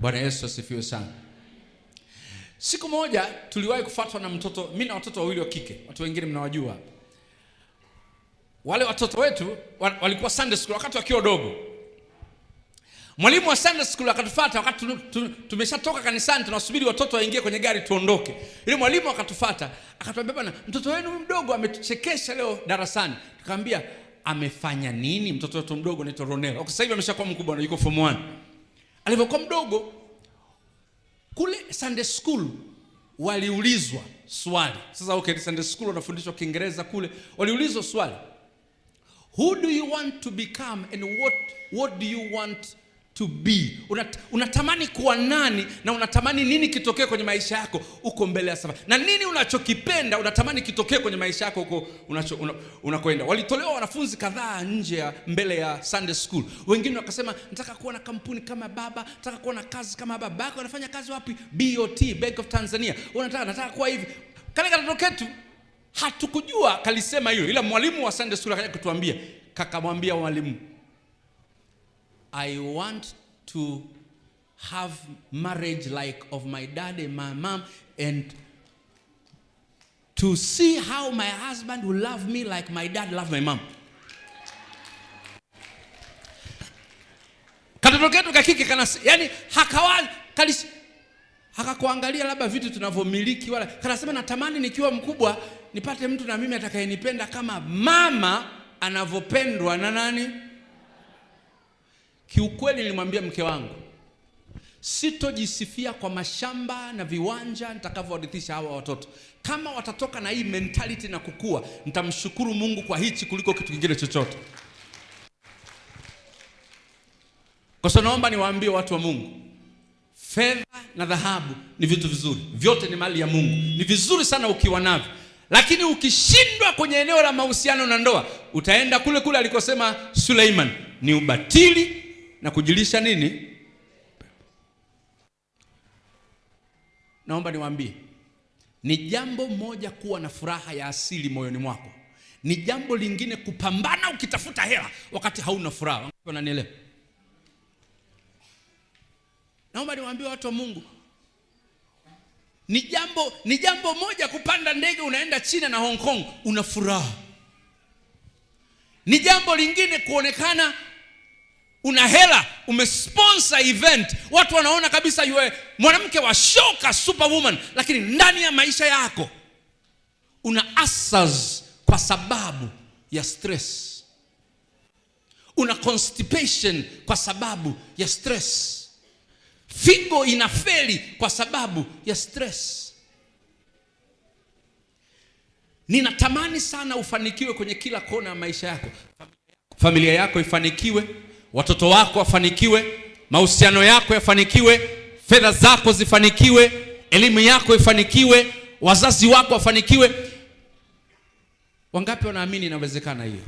Bwana Yesu asifiwe sana. Siku moja tuliwahi kufatwa na mtoto, mimi na watoto wawili wa kike, watu wengine mnawajua wale watoto wetu walikuwa Sunday school wakati wakiwa wadogo. Mwalimu wa Sunday school akatufuata wakati tumeshatoka kanisani, tunasubiri watoto waingie kwenye gari tuondoke. Ile mwalimu akatufuata akatuambia, bwana, mtoto wenu mdogo ametuchekesha leo darasani. Tukamwambia amefanya nini? Mtoto wetu mdogo anaitwa Ronel, kwa sasa hivi ameshakuwa mkubwa na yuko form 1. Alivyokuwa mdogo kule Sunday school waliulizwa swali. Sasa okay, Sunday school wanafundishwa Kiingereza kule. Waliulizwa swali. Who do you want to become and what what do you want to be. Unat, unatamani kuwa nani na unatamani nini kitokee kwenye maisha yako uko mbele ya safari, na nini unachokipenda unatamani kitokee kwenye maisha yako uko unacho, una, walitolewa wanafunzi kadhaa nje ya mbele ya Sunday school. Wengine wakasema nataka kuwa na kampuni kama baba, nataka kuwa na kazi kama baba. Baba anafanya kazi wapi? BOT, Bank of Tanzania. Unataka nataka kuwa hivi kale tu hatukujua kalisema hiyo, ila mwalimu wa Sunday school akaja kutuambia, kakamwambia mwalimu I want to have marriage like of my dad and my mom and to see how my husband will love me like my dad loved my mom. hakakuangalia labda vitu tunavyomiliki wala kanasema, natamani nikiwa mkubwa nipate mtu na mimi atakayenipenda kama mama anavyopendwa na nani? Kiukweli nilimwambia mke wangu sitojisifia kwa mashamba na viwanja nitakavyowarithisha hawa watoto. Kama watatoka na hii mentality na kukua, nitamshukuru Mungu kwa hichi kuliko kitu kingine chochote. Kwa sababu naomba niwaambie watu wa Mungu, fedha na dhahabu ni vitu vizuri, vyote ni mali ya Mungu, ni vizuri sana ukiwa navyo, lakini ukishindwa kwenye eneo la mahusiano na ndoa, utaenda kule kule alikosema Suleiman, ni ubatili na kujilisha nini? Naomba niwaambie, ni jambo moja kuwa na furaha ya asili moyoni mwako, ni jambo lingine kupambana ukitafuta hela wakati hauna furaha. Wananielewa? Naomba niwaambie watu wa Mungu, ni jambo ni jambo moja kupanda ndege unaenda China na Hong Kong una furaha, ni jambo lingine kuonekana una hela, umesponsa event, watu wanaona kabisa yue mwanamke wa shoka superwoman, lakini ndani ya maisha yako una asas kwa sababu ya stress, una constipation kwa sababu ya stress, figo inafeli kwa sababu ya stress. Ninatamani sana ufanikiwe kwenye kila kona ya maisha yako, familia yako ifanikiwe watoto wako wafanikiwe, mahusiano yako yafanikiwe, fedha zako zifanikiwe, elimu yako ifanikiwe, wazazi wako wafanikiwe. Wangapi wanaamini inawezekana hiyo?